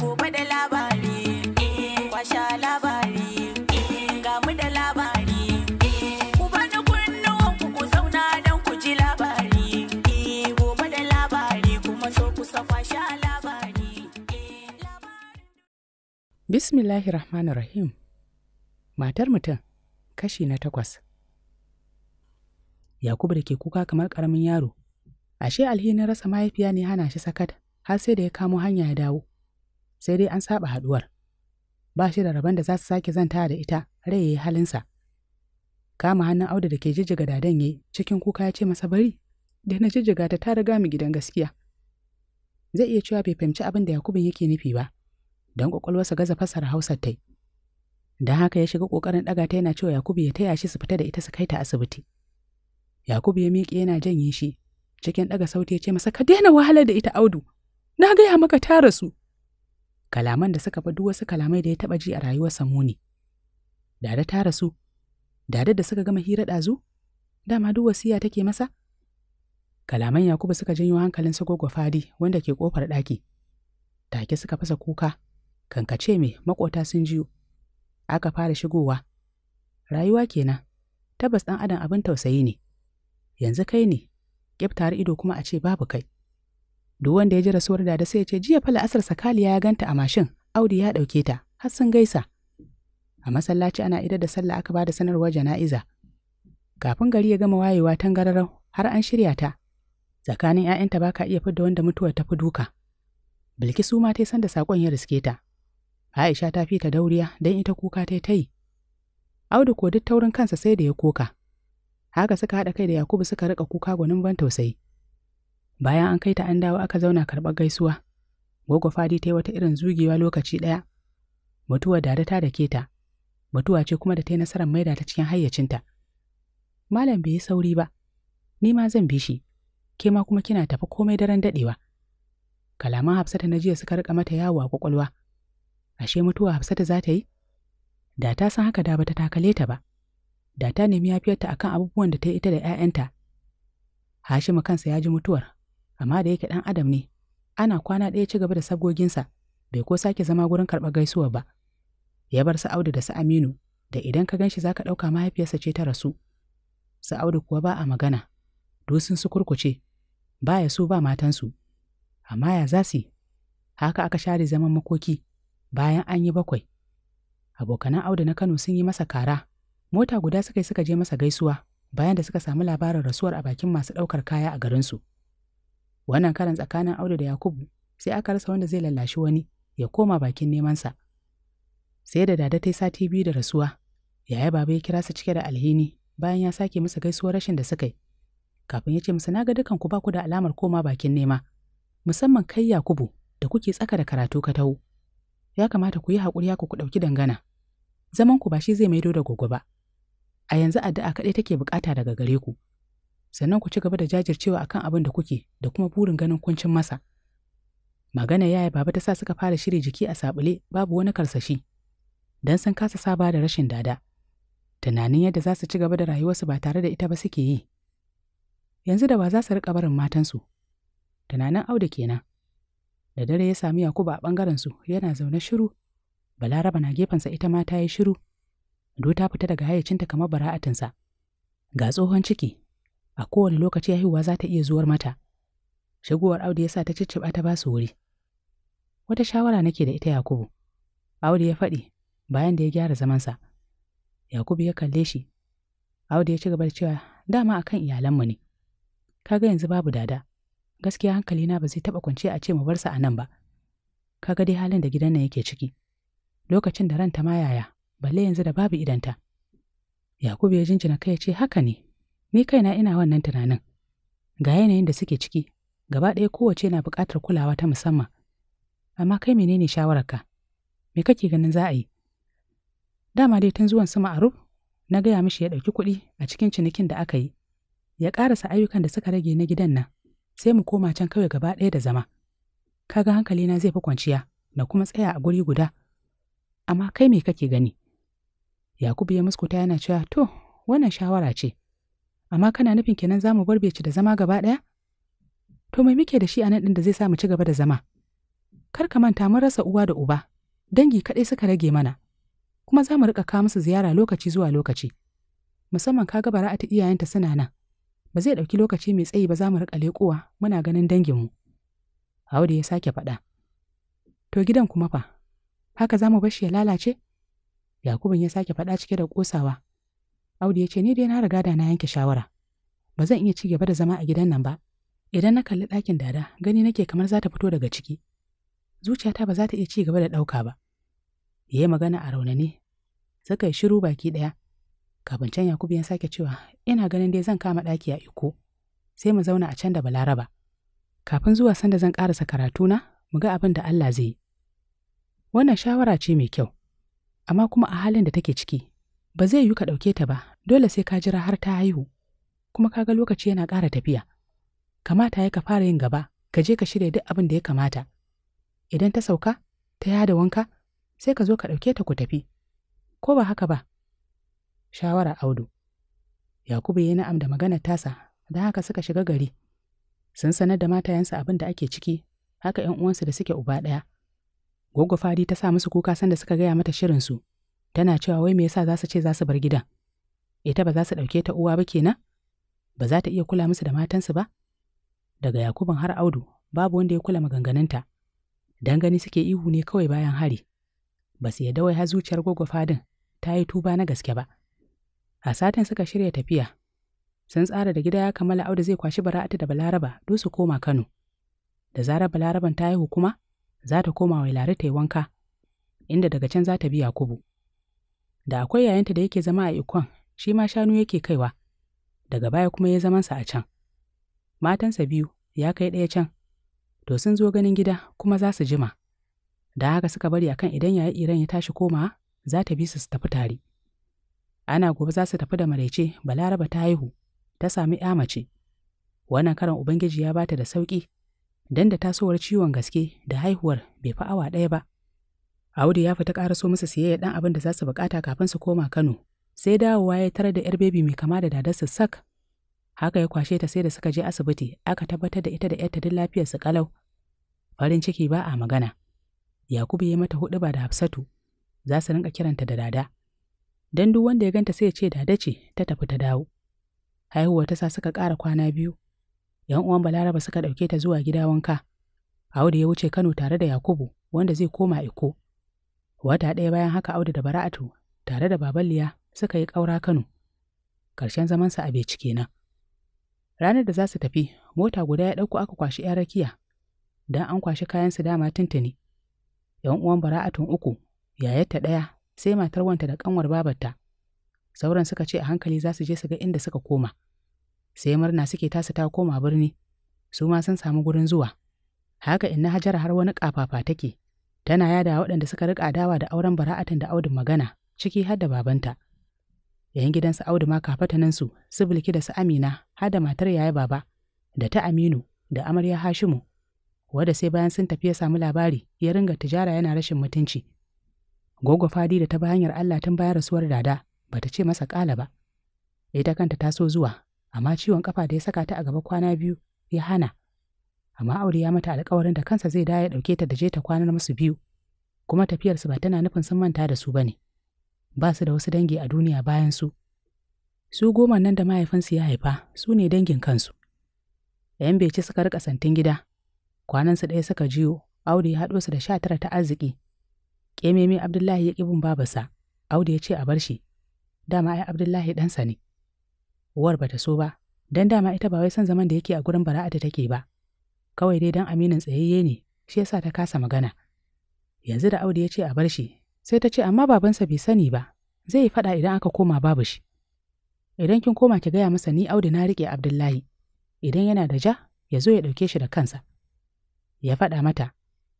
gobe da labari eh, kwasha labari eh, ga mu da labari eh, ku bani kunnuwan ku ku zauna don ku ji labari gobe da labari kuma so ku kwasha labari bismillahir rahmanir rahim matar mutum kashi na takwas yakubu da ke kuka kamar karamin yaro ashe alhinin rasa mahaifiya ne hana shi sakat har sai da ya kamo hanya ya dawo sai dai an saba haɗuwar. Ba shi da rabon da za su sake zanta da ita rai ya yi halinsa. Kama hannun Audu da ke jijjiga dadan ya cikin kuka ya ce masa bari, da na jijjiga ta ta riga mu gidan gaskiya. Zai iya cewa bai fahimci abin da yake nufi ba, don ƙwaƙwalwarsa gaza fassara Hausar tai. Don haka ya shiga kokarin ɗaga ta yana cewa Yakubu ya taya shi su fita da ita su kai ta asibiti. Yakubu ya miƙe yana janye shi, cikin ɗaga sauti ya ce masa ka daina wahalar da ita Audu. Na gaya maka ta rasu. kalaman da suka fi duk wasu kalamai da ya taɓa ji a rayuwarsa muni. Dada ta rasu, dada da suka gama hira ɗazu, dama duk wasiya take masa? Kalaman Yakubu suka janyo hankalin su gogo fadi wanda ke ƙofar ɗaki. Take suka fasa kuka, kankace me maƙota sun jiyo. Aka fara shigowa. Rayuwa kenan, tabbas ɗan adam abin tausayi ne. Yanzu kai ne, ƙyaftar ido kuma a ce babu kai. Duk wanda ya ji rasuwar dada sai ya ce jiya fa la'asar sakaliya ya ganta a mashin, Audu ya ɗauke ta, har sun gaisa. A masallaci ana idar da sallah aka ba da sanarwar jana'iza. Kafin gari ya gama wayewa tangararau har an shirya ta. Tsakanin ‘ya'yanta ba ka iya fidda wanda mutuwar ta fi duka. Bilkisu ma ta san da saƙon ya riske ta. Aisha ta fi ta dauriya don ita kuka ta ta yi. Audu ko duk taurin kansa sai da ya koka. Haka suka haɗa kai da Yakubu suka riƙa kuka gwanin ban tausayi. Bayan an kai ta an dawo aka zauna karɓar gaisuwa. Gogo Fadi ta yi wata irin zugewa lokaci ɗaya. Mutuwa da ta da ta. Mutuwa ce kuma da ta yi nasarar maida ta cikin hayyacinta. Malam bai yi sauri ba. Ni ma zan bi shi. Ke ma kuma kina tafi komai daren daɗewa. Kalaman Hafsata na jiya suka rika mata yawo a kwakwalwa. Ashe mutuwa Hafsata za ta yi? Da ta san haka da bata takale ta ba. Da ta nemi yafiyarta akan abubuwan da ta yi ita da 'ya'yanta. Hashimu kansa ya ji mutuwar, amma da yake ɗan adam ne ana kwana ɗaya ci gaba da sabgoginsa bai ko sake zama gurin karɓar gaisuwa ba ya bar Audu da su aminu da idan ka ganshi za ka ɗauka mahaifiyarsa ce ta rasu Audu kuwa ba a magana dusun su kurkuce ba ya so ba matansu amma ya za su haka aka share zaman makoki bayan an yi bakwai abokanan Audu na kano sun yi masa kara mota guda suka yi suka je masa gaisuwa bayan da suka samu labarin rasuwar a bakin masu ɗaukar kaya a garinsu. Wannan karan tsakanin Audu da Yakubu sai aka rasa wanda zai lallashi wani ya koma bakin nemansa. Sai da dada ta sati biyu da rasuwa, yaya baba ya kira su cike da alhini bayan ya sake musu gaisuwar rashin da suka yi. Kafin ya ce musu na ga dukan ku ba ku da alamar koma bakin nema, musamman kai Yakubu da kuke tsaka da karatu ka taho. Ya kamata ku yi haƙuri ku ku ɗauki dangana. Zaman ku ba shi zai maido da gogo ba. A yanzu addu'a kaɗai take buƙata daga gare ku. sannan ku ci gaba da jajircewa akan abin da kuke da kuma burin ganin kuncin masa. Magana yaya baba ta sa suka fara shiri jiki a sabule babu wani karsashi, don sun kasa saba da rashin dada. Tunanin yadda za su ci gaba da rayuwarsu ba tare da ita ba suke yi. Yanzu da ba za su riƙa barin matansu. Tunanin Auda kenan. Da dare ya sami Yakubu a ɓangarensu yana zaune shiru, Balaraba na gefensa ita ma ta yi shiru, Do ta fita daga hayyacinta kamar bara'atinsa. Ga tsohon ciki a kowane lokaci haihuwa za ta iya zuwar mata. Shigowar Audu ya sa ta cicciɓa ta ba su wuri. Wata shawara nake da ita Yakubu. Audu ya faɗi bayan da ya gyara zamansa. Yakubu ya kalle shi. Audu ya ci gaba da cewa dama akan iyalanmu ne. Kaga yanzu babu dada. Gaskiya hankalina ba zai taɓa kwanciya a ce mu bar a nan ba. Kaga dai halin da gidan nan yake ciki. Lokacin da ranta ma yaya, balle yanzu da babu idanta. Yakubu ya jinjina kai ya ce haka ne, Ni kaina ina wannan tunanin. Ga yanayin da suke ciki, gaba ɗaya kowace na buƙatar kulawa ta musamman. Amma kai menene shawararka? Me kake ganin za a yi? Dama dai tun zuwan sama a ma'aruf, na gaya mishi ya ɗauki kuɗi a cikin cinikin da aka yi. Ya ƙarasa ayyukan da suka rage na gidan nan, sai mu koma can kawai gaba ɗaya da zama. Kaga na zai fi kwanciya, na kuma tsaya a guri guda. Amma kai me kake gani? Yakubu ya muskuta yana cewa to, wannan shawara ce. Amma kana nufin kenan za mu bar ci da zama gaba ɗaya? To mai muke da shi a nan ɗin da zai sa mu ci gaba da zama? Kar ka manta mun rasa uwa da uba, dangi kaɗai suka rage mana, kuma za mu riƙa kawo musu ziyara lokaci zuwa lokaci. Musamman ka ga ta iyayenta suna nan, ba zai ɗauki lokaci mai tsayi ba za mu riƙa leƙowa muna ganin danginmu. Audu ya sake faɗa. To gidan kuma fa, haka za mu bar shi ya lalace? Yakubun ya sake faɗa cike da ƙosawa. Audu ya ce ni dai na riga da na yanke shawara. Ba zan iya ci gaba da zama a gidan nan ba. Idan na kalli ɗakin dada, gani nake kamar za ta fito daga ciki. Zuciyata ba za ta iya ci gaba da ɗauka ba. Ya yi magana a raunani. Suka yi shiru baki ɗaya. Kafin can Yakubu ya sake cewa, ina ganin dai zan kama ɗaki a iko. Sai mu zauna a can da Balaraba. Kafin zuwa sanda zan ƙarasa karatuna, mu ga abin da Allah zai yi. Wannan shawara ce mai kyau, amma kuma a halin da take ciki, ba zai yiwu ka ɗauke ta ba dole sai ka jira har ta haihu kuma ka ga lokaci yana ƙara tafiya kamata ya ka fara yin gaba ka je ka shirya duk abin da ya kamata idan ta sauka ta yada wanka sai ka zo ka ɗauke ta ku tafi ko ba haka ba shawara audu yakubu ya na'am da maganar tasa don haka suka shiga gari sun sanar da matayensa abin da ake ciki haka ‘yan uwansu da suke uba ɗaya. Goggo fari ta sa musu kuka sanda suka gaya mata shirinsu, tana cewa wai me yasa za su ce za su bar gidan ita ba za su ɗauke ta uwa ba kenan ba za ta iya kula musu da matansu ba daga yakubun har audu babu wanda ya kula maganganunta dan gani suke ihu ne kawai bayan hari ba su yadda wai har zuciyar gwagwa fadin ta yi tuba na gaske ba a satin suka shirya tafiya sun tsara da gida ya kammala audu zai kwashi bara'atu da balaraba duk su koma kano da zarar balaraban ta haihu kuma za ta koma wa lare ta yi wanka inda daga can za ta bi yakubu da akwai yayanta da yake zama a ikon shi ma shanu yake kaiwa daga baya kuma ya zamansa a can matansa biyu ya kai ɗaya can to sun zo ganin gida kuma za su jima da haka suka bari akan idan yayi iran ya tashi komawa, za ta bi su su tafi tare ana gobe za su tafi da maraice balaraba ta haihu ta sami ya mace wannan karan ubangiji ya bata da sauki dan da tasowar ciwon gaske da haihuwar bai fi awa ɗaya ba Audu ya fita ƙaraso musu siyayya ɗan abin da za su bukata kafin su koma Kano. Sai dawowa ya tarar da 'yar bebi mai kama da dadarsa sak. Haka ya kwashe ta sai da suka je asibiti, aka tabbatar da ita da 'yarta duk lafiyarsu ƙalau. Farin ciki ba a magana. Yakubu ya mata hudu, ba da Hafsatu, za su rinka kiranta da dada. dan duk wanda ya ganta sai ya ce dada ce ta tafi ta dawo. Haihuwa ta sa suka ƙara kwana biyu. ‘Yan uwan Balaraba suka ɗauke ta zuwa gida wanka. Audu ya wuce Kano tare da Yakubu, wanda zai koma Iko. Wata ɗaya bayan haka Audu da Bara'atu tare da baballiya suka yi ƙaura Kano. Ƙarshen zamansa a Beci kenan. Ranar da za su tafi, mota guda ya ɗauko aka kwashi 'yan rakiya, don an kwashi kayan su dama tuntuni. ‘Yan uwan Bara'atun uku, yayarta ɗaya, sai matar wanta da ƙanwar babarta. Sauran suka ce a hankali za su je su ga inda suka koma. Sai murna suke tasa ta koma birni, su ma sun samu gurin zuwa. Haka inna Hajara har wani ƙafafa take. tana yada waɗanda suka riƙa dawa da auren bara'atan da Audu magana ciki har da babanta yayin gidansu Audu ma kafata kafatanansu su bilki da su Amina har da matar yaya baba da ta Aminu da amarya Hashimu wadda sai bayan sun tafi ya samu labari ya ringa tijara yana rashin mutunci gogo Fadi da ta ba hanyar Allah tun bayan rasuwar dada ba ta ce masa ƙala ba ita kanta ta so zuwa amma ciwon kafa da ya saka ta a gaba kwana biyu ya hana amma aure ya mata alkawarin da kansa zai daya ɗauke ta da je ta kwanar musu biyu kuma tafiyarsu ba tana nufin sun manta da su ba ne ba su da wasu dangi a duniya bayan su su goma nan da mahaifinsu ya haifa su ne dangin kansu yan beci suka rika santin gida kwanansu ɗaya suka jiyo aure ya haɗo su da sha tara ta arziki ƙememe abdullahi ya ƙibin babasa. Audu ya ce a bar shi dama ai abdullahi ɗansa ne uwar bata so ba don dama ita ba wai son zaman da yake a gurin da take ba kawai dai don aminin tsayayye ne shi yasa ta kasa magana yanzu da audu ya ce a bar shi sai ta ce amma babansa bai sani ba zai yi faɗa idan aka koma babu shi idan kin koma ki gaya masa ni audu na riƙe abdullahi idan yana da ja ya zo ya ɗauke shi da kansa ya faɗa mata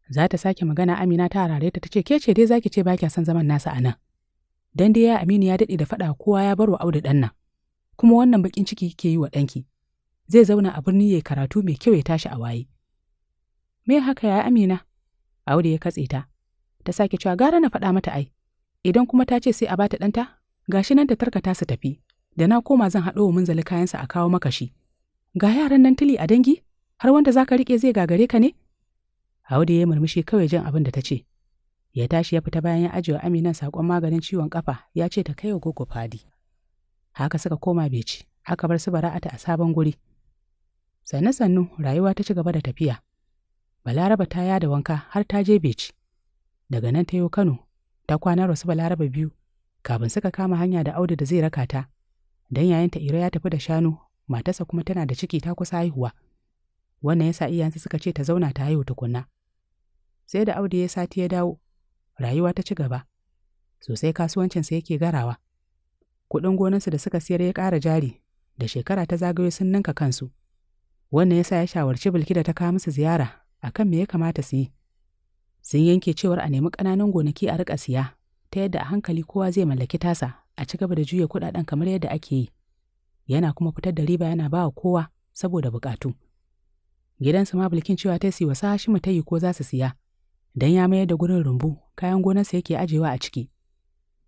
za ta sake magana amina ta harare ta ce ke ce dai zaki ce ba kya son zaman nasa a nan dan dai ya aminu ya daɗe da faɗa kowa ya bar wa audu ɗan nan kuma wannan baƙin ciki kike yi wa ɗanki zai zauna a birni ya karatu mai kyau ya tashi a waye. Me haka ya Amina? Audu ya katse ta. Ta sake cewa gara na faɗa mata ai. Idan kuma ta ce sai a bata ɗanta, gashi nan ta tarkata su tafi. Da na koma zan haɗo wa munzali kayansa a kawo maka shi. Ga yaran nan tili a dangi, har wanda zaka riƙe zai gagare ka ne? Audu ya murmushi kawai jan abin da ta ce. Ya tashi ya fita bayan ya ajiye Amina saƙon maganin ciwon kafa, ya ce ta kai wa gogo fadi. Haka suka koma beci, aka bar su bara'ata a sabon guri. Sannu-sannu rayuwa ta ci gaba da tafiya. Balaraba ta yada wanka har ta je Beci. Daga nan ta yo Kano, ta kwana rasu Balaraba biyu, kafin suka kama hanya da Audu da zai raka ta. Dan yayanta Ira ya tafi da shanu, matarsa kuma tana da ciki ta kusa haihuwa. Wannan ya sa iyayensa suka ce ta zauna ta haihu tukunna. Sai da Audu ya sati ya dawo, rayuwa ta ci gaba. Sosai kasuwancinsa yake garawa. Kuɗin gonarsa da suka siyar ya ƙara jari, da shekara ta zagayo sun ninka kansu. wannan ya sa ya shawarci Bilkida ta kawo musu ziyara a kan me ya kamata su yi. Sun yanke cewar a nemi ƙananan gonaki a riƙa siya ta yadda a hankali kowa zai mallaki tasa a ci gaba da juya kuɗaɗen kamar yadda ake yi. Yana kuma fitar da riba yana bawa kowa saboda buƙatu. Gidansu ma Bilkin cewa ta siwa sa shi ta yi ko za su siya. Dan ya mayar da gurin rumbu kayan gonarsa yake ajewa a ciki.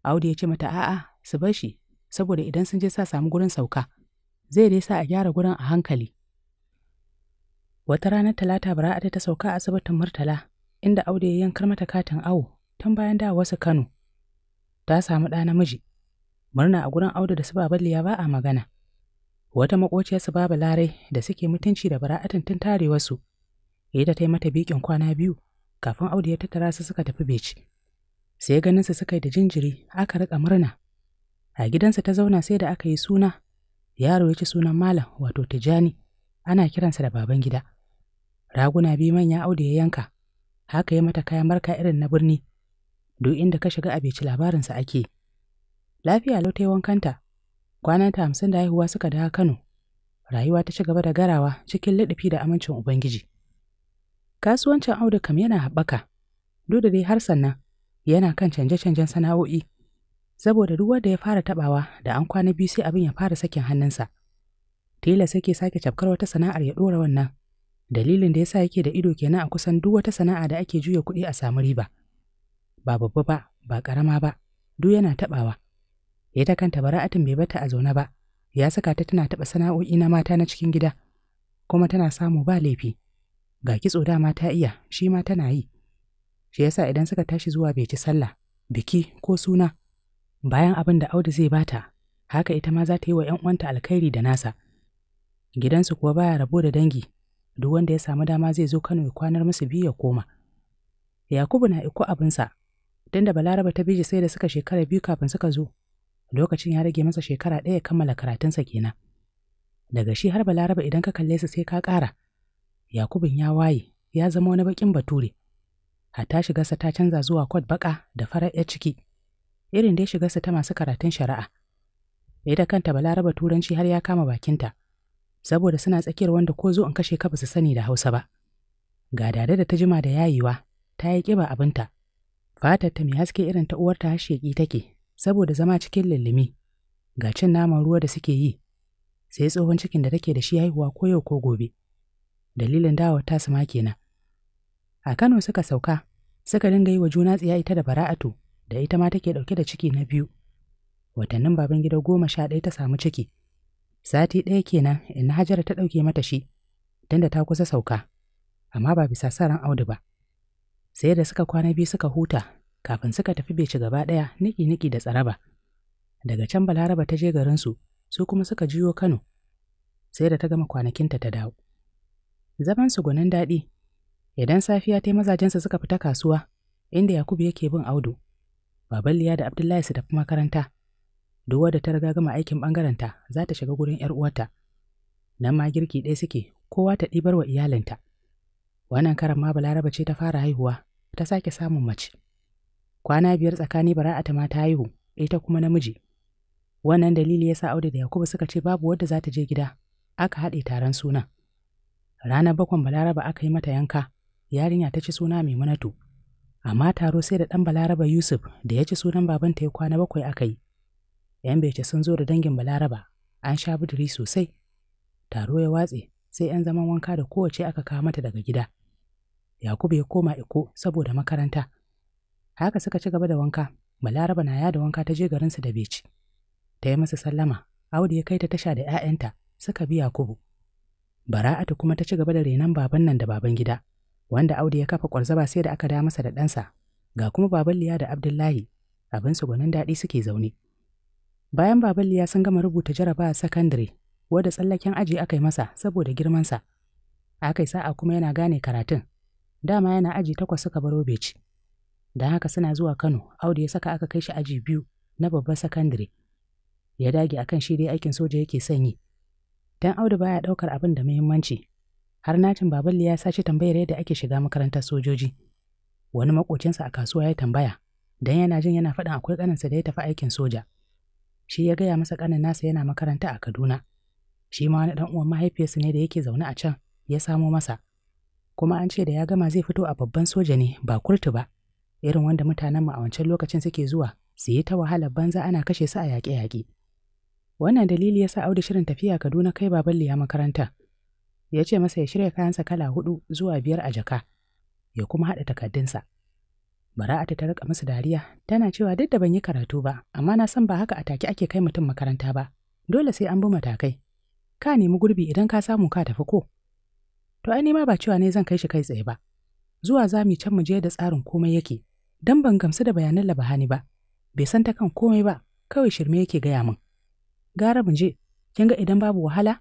Audu ya ce mata a'a su bar shi saboda idan sun je sa samu gurin sauka. Zai dai sa a gyara gurin a hankali. Wata ranar Talata Bara'atu ta sauka a asibitin Murtala, inda Audu ya yankar mata katin awo tun bayan da wasu Kano. Ta samu ɗa namiji. Murna a gurin Audu da su Baballiya ba a magana. Wata su Babu Larai da suke mutunci da Bara'atun tun tarewarsu. Ya ta yi mata bikin kwana biyu kafin Audu ya tattara su suka tafi Beci. Sai ganin su suka yi da jinjiri aka rika murna. A gidansa ta zauna sai da aka yi suna. Yaro ya ci sunan Malam wato Tijani. Ana kiransa da baban gida. raguna biyu manya Audu ya yanka haka ya mata kayan marka irin na birni duk inda ka shiga abinci labarinsa ake lafiya lau ta yi wankanta ta hamsin da haihuwa suka dawo kano rayuwa ta ci gaba da garawa cikin liɗifi da amincin ubangiji kasuwancin Audu kam yana haɓaka duk da dai har sannan yana kan canje-canjen sana'o'i saboda duk wanda ya fara taɓawa, da an kwana biyu sai abin ya fara sakin hannunsa. Tela sai sake cafkar wata sana'ar ya ɗora wannan, Dalilin da ya sa yake da ido kenan a kusan duk wata sana'a da ake juya kuɗi a samu riba. Ba babba ba, ba ƙarama ba, duk yana taɓawa. Ya ta kanta bara'atin bai bata a zaune ba, ya saka ta tana taɓa sana'o'i na mata na cikin gida, kuma tana samu ba laifi. Ga kitso da ta iya, shi ma tana yi. Shi yasa idan suka tashi zuwa bai ci sallah, biki ko suna, bayan abin da Audu zai bata, haka ita ma za ta yi wa ‘yan uwanta alkhairi da nasa. Gidansu kuwa baya rabo da dangi, duk wanda ya samu dama zai zo Kano ya kwanar musu biyu ya koma. Yakubu na iko abinsa, don da Balaraba ta biji sai da suka shekara biyu kafin suka zo, lokacin ya rage masa shekara ɗaya ya kammala karatunsa kenan. Daga shi har Balaraba idan ka kalle su sai ka ƙara. Yakubun ya waye, ya zama wani baƙin bature. Hatta shigarsa ta canza zuwa kwad baƙa da farar 'yar ciki, irin dai shigarsa ta masu karatun shari'a. Ita kanta Balaraba Turanci har ya kama bakinta. saboda suna tsakiyar wanda ko zo in kashe ka ba su sani da Hausa ba. Ga dada da ta jima da yayiwa ta yi ƙiba abinta. Fatar ta mai haske irin ta uwarta hasheki take, saboda zama cikin lullumi. Ga cin naman ruwa da suke yi, sai tsohon cikin da take da shi haihuwa ko yau ko gobe. Dalilin dawa ta ma kenan. A Kano suka sauka, suka dinga yi wa juna tsiya ita da Bara'atu, da ita ma take ɗauke da ciki na biyu. Watannin baban gida goma sha ɗaya ta samu ciki. Sati ɗaya kenan inna Hajara ta ɗauke mata shi, don da ta kusa sauka, amma ba bisa sa ran Audu ba. Sai da suka kwana biyu suka huta, kafin suka tafi bai beci gaba ɗaya niki-niki da tsaraba. Daga can Balaraba ta je garinsu, su kuma suka jiyo Kano. Sai da ta gama kwanakinta ta dawo. Zaman su gwanin daɗi, idan safiya ta mazajensa suka fita kasuwa, inda Yakubu yake bin Audu, Baballiya da Abdullahi su tafi makaranta, duk wadda ta riga gama aikin ɓangarenta za ta shiga gurin 'yar uwarta. Nan ma girki ɗaya suke, kowa ta ɗibar wa iyalinta. Wannan karan ma Balaraba ce ta fara haihuwa, ta sake samun mace. Kwana biyar tsakani bara'ata ta ta haihu, ita kuma namiji. Wannan dalili ya sa Audu da Yakubu suka ce babu wadda za ta je gida, aka haɗe taron suna. Ranar bakwan Balaraba aka yi mata yanka, yarinya ta ci suna mai Maimunatu. Amma taro sai da ɗan Balaraba Yusuf da ya ci sunan babanta ya kwana bakwai aka yi. ‘Yan bece sun zo da dangin Balaraba, an sha buduri sosai. Taro ya watse, sai ‘yan zaman wanka da kowace aka kawo mata daga gida. Yakubu ya koma Iko saboda makaranta. Haka suka ci gaba da wanka, Balaraba na yada wanka ta je garinsu da beci. Ta yi masa sallama, Audu ya kai ta tasha da ‘ya'yanta suka bi Yakubu. Bara'atu kuma ta ci gaba da renon baban nan da baban gida, wanda Audu ya kafa kwarzaba sai da aka da masa da ɗansa, ga kuma baban Liya da Abdullahi, abin su gwanin daɗi suke zaune. Bayan Babali ya san gama rubuta jaraba a sakandare, wadda tsallaken aji aka yi masa saboda girmansa. Aka yi sa'a kuma yana gane karatun. Dama yana aji takwas suka baro beci. Da haka suna zuwa Kano, Audu ya saka aka kai shi aji biyu na babban sakandare. Ya dage akan shi dai aikin soja yake son yi. Dan Audu baya ɗaukar abin da muhimmanci. Har nacin babali ya sace tambayar yadda ake shiga makarantar sojoji. Wani makocinsa a kasuwa ya tambaya, dan yana jin yana faɗin akwai ƙaninsa da ya tafi aikin soja. shi ya gaya masa ƙanin nasa yana makaranta a Kaduna. Shi ma wani ɗan uwan mahaifiyarsa ne da yake zaune a can ya samo masa. Kuma an ce da ya gama zai fito a babban soja ne ba kurtu ba, irin wanda mutanenmu a wancan lokacin suke zuwa su yi ta wahalar banza ana kashe su a yaƙe-yaƙe. Wannan dalili ya sa Audu shirin tafiya Kaduna kai baban liya makaranta. Ya ce masa ya shirya kayansa kala hudu zuwa biyar a jaka, ya kuma haɗa takardunsa. Bara'atu ta rika masa dariya, tana cewa duk da ban yi karatu ba, amma na san ba haka a take ake kai mutum makaranta ba, dole sai an bi matakai. Ka nemi gurbi idan ka samu ka tafi ko? To ai ma ba cewa ne zan kai shi kai tsaye ba. Zuwa za mu can mu je da tsarin komai yake, dan ban gamsu da bayanan labahani ba. Bai san ta kan komai ba, kawai shirme yake gaya min. Gara mu je, kin ga idan babu wahala,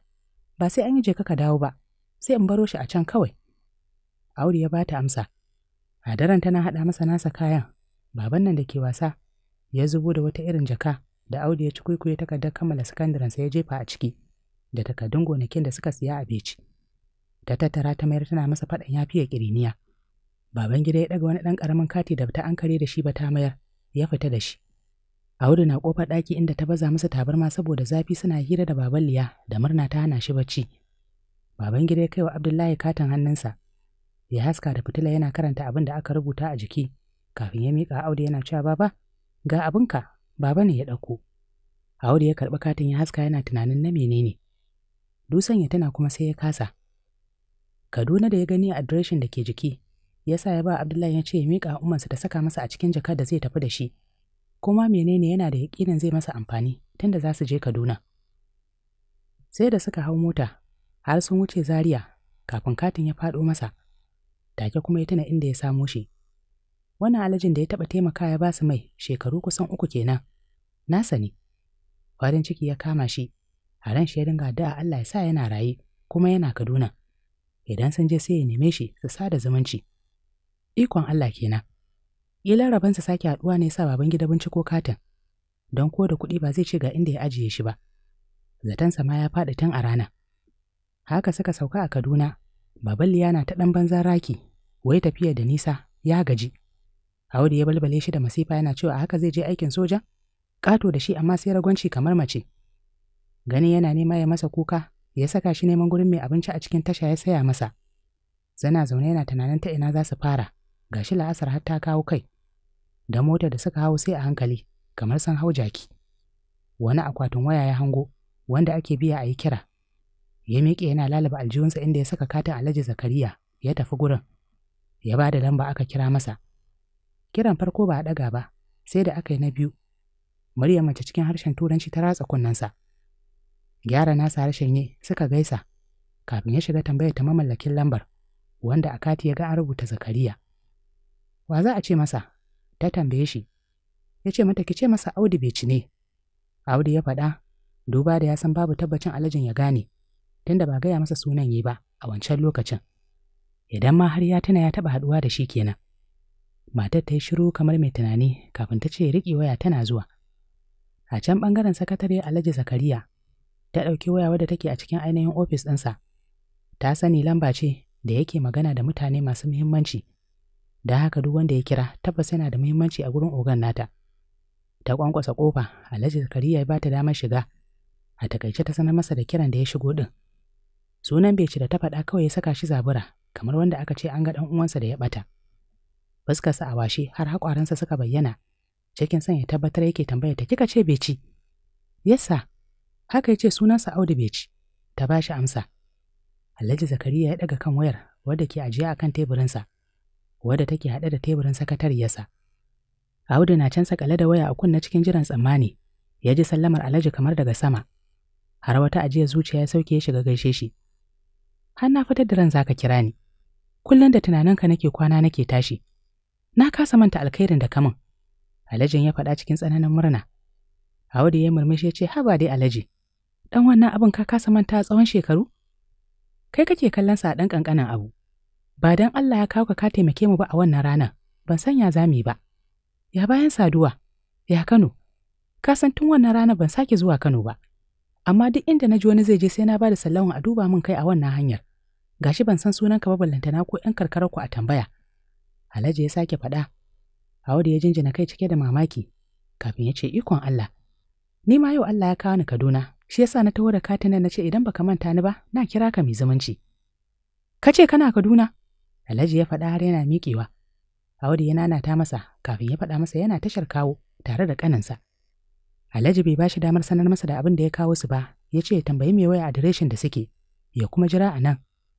ba sai an yi je ka dawo ba, sai in baro shi a can kawai. Auri ya bata amsa. A daren tana haɗa masa nasa kayan, baban nan da ke wasa ya zubo da wata irin jaka da Audu ya ci kwaikwayo takardar kammala sa ya jefa a ciki da takardun gonakin da suka siya a Beci. Ta tattara ta mayar tana masa faɗan ya fiye ƙiriniya. Baban gida ya ɗaga wani ɗan ƙaramin kati da ta ankare da shi ba ta mayar, ya fita da shi. Audu na ƙofar ɗaki inda ta baza masa tabarma saboda zafi suna hira da baban Liya da murna ta hana shi bacci. Baban gida ya kai wa Abdullahi katin hannunsa, ya haska da fitila yana karanta abin da aka rubuta a jiki kafin ya mika Audu yana cewa baba ga abinka baba ne ya ɗauko Audu ya karɓi katin ya haska yana tunanin na menene dusan ya tana kuma sai ya kasa Kaduna da ya gani adireshin da ke jiki ya sa ya ba Abdullahi ya ce ya miƙa umarsa ta saka masa a cikin jaka da zai tafi da shi kuma menene yana da yaƙinin zai masa amfani tunda za su je Kaduna sai da suka hau mota har sun wuce Zaria kafin katin ya faɗo masa take kuma ya tuna inda ya samo shi. Wannan alajin da ya taɓa taimaka ya ba su mai shekaru kusan uku kenan. Na sani. Farin ciki ya kama shi, Haran shi ya dinga da Allah ya sa yana raye kuma yana Kaduna. Idan sun je sai ya neme shi su sada zumunci. Ikon Allah kenan. Ilan rabansa sake haɗuwa ne sa baban gida binciko katin, don ko da kuɗi ba zai ce ga inda ya ajiye shi ba. Zatansa ma ya faɗi tun a rana. Haka suka sauka a Kaduna Baban Liyana ta ɗan banzan raki, wai tafiya da nisa, ya gaji. Audu ya balbale shi da masifa yana cewa haka zai je aikin soja? Ƙato da shi amma sai ragwanci kamar mace. Gani yana nema ya masa kuka, ya saka shi neman gurin mai abinci a cikin tasha ya saya masa. Zana zaune yana tunanin ta ina za su fara, gashi la'asar har ta kawo kai. Da motar da suka hau sai a hankali, kamar san hau jaki. Wani akwatin waya ya hango, wanda ake biya a yi kira. ya miƙe yana lalaba aljihunsa inda ya saka katin alhaji zakariya ya tafi gurin ya ba da lamba aka kira masa kiran farko ba a ɗaga ba sai da aka yi na biyu Maryam mace cikin harshen turanci ta ratsa kunnensa gyara nasa harshen ye suka gaisa kafin ya shiga tambayar ta mamallakin lambar wanda a kati ya ga an rubuta zakariya wa za a ce masa ta tambaye shi ya ce mata ki ce masa Audu bai ci ne Audu ya faɗa duba da ya san babu tabbacin alajin ya gane tunda ba gaya masa sunan yi ba a wancan lokacin. Idan ma har ya tuna ya taɓa haɗuwa da shi kenan. Matar ta yi shiru kamar mai tunani kafin ta ce riƙe waya tana zuwa. A can ɓangaren sakatare Alhaji Zakariya ta ɗauki waya wadda take a cikin ainihin ofis ɗinsa. Ta sani lamba ce da yake magana da mutane masu muhimmanci. Da haka duk wanda ya kira tabbas yana da muhimmanci a gurin ogan nata. Ta kwankwasa kofa, Alhaji Zakariya ya bata damar shiga. A takaice ta sanar masa da kiran da ya shigo ɗin. Sunan bai ci da ta faɗa kawai ya saka shi zabura, kamar wanda aka ce an ga ɗan uwansa da ya ɓata. Fuskarsa a washe har haƙwaransa suka bayyana, cikin son ya tabbatar yake tambaya ta kika ce bai ci. yasa haka ya ce sunansa Audu bai ci. ta ba shi amsa. Alhaji Zakariya ya ɗaga kan wayar wadda ke ajiye a kan teburinsa, wadda take haɗe da teburin sa. Audu na can sakale da waya a kunna cikin jiran tsammani, ya ji sallamar Alhaji kamar daga sama. Har wata ajiyar zuciya ya sauke ya shiga gaishe shi. har na fitar da ran za ka kira ni. Kullum da tunaninka nake kwana nake tashi. Na kasa manta alkhairin da kamun. Alhajin ya faɗa cikin tsananin murna. Audu ya murmushi ya ce haba dai alhaji. Ɗan wannan abin ka kasa manta tsawon shekaru? Kai kake kallon sa a ɗan ƙanƙanin abu. Ba dan Allah ya kawo ka ka taimake mu ba a wannan ranar, ban sanya za ba. Ya bayan saduwa, ya Kano, ka san tun wannan ranar ban sake zuwa Kano ba. amma duk inda na ji wani zai je sai na ba da sallawan a duba min kai a wannan hanyar gashi ban san sunanka ba ballantana ko yan karkara ku a tambaya alhaji ya sake faɗa Hawadu ya jinjina kai cike da mamaki kafin ya ce ikon Allah ni ma yau Allah ya kawo ni Kaduna shi yasa na taho da katina na ce idan baka manta ni ba na kira ka mai zumunci ka ce kana Kaduna alhaji ya faɗa har yana miƙewa Hawadu ya nanata masa kafin ya faɗa masa yana tashar kawo tare da ƙaninsa. Alhaji bai bashi damar sanar masa da abin da ya kawo su ba, ya ce ya tambayi mai waya adireshin da suke, ya kuma jira a nan.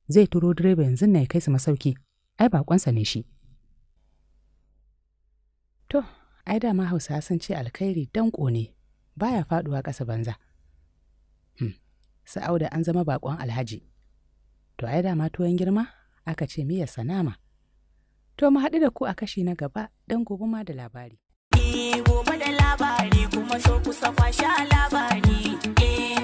Zai turo direba yanzu na ya kai su masauki, ai baƙonsa ne shi. To, ai da ma Hausa sun ce alkhairi danƙo ne, baya faɗuwa ƙasa banza. Hmm. da an zama baƙon Alhaji. To ai dama tuwon girma aka ce miyar sanama. To mu haɗu da ku a kashi na gaba don gobe ma da labari. labari gobe da labari kuma so kusa kwashe labari eh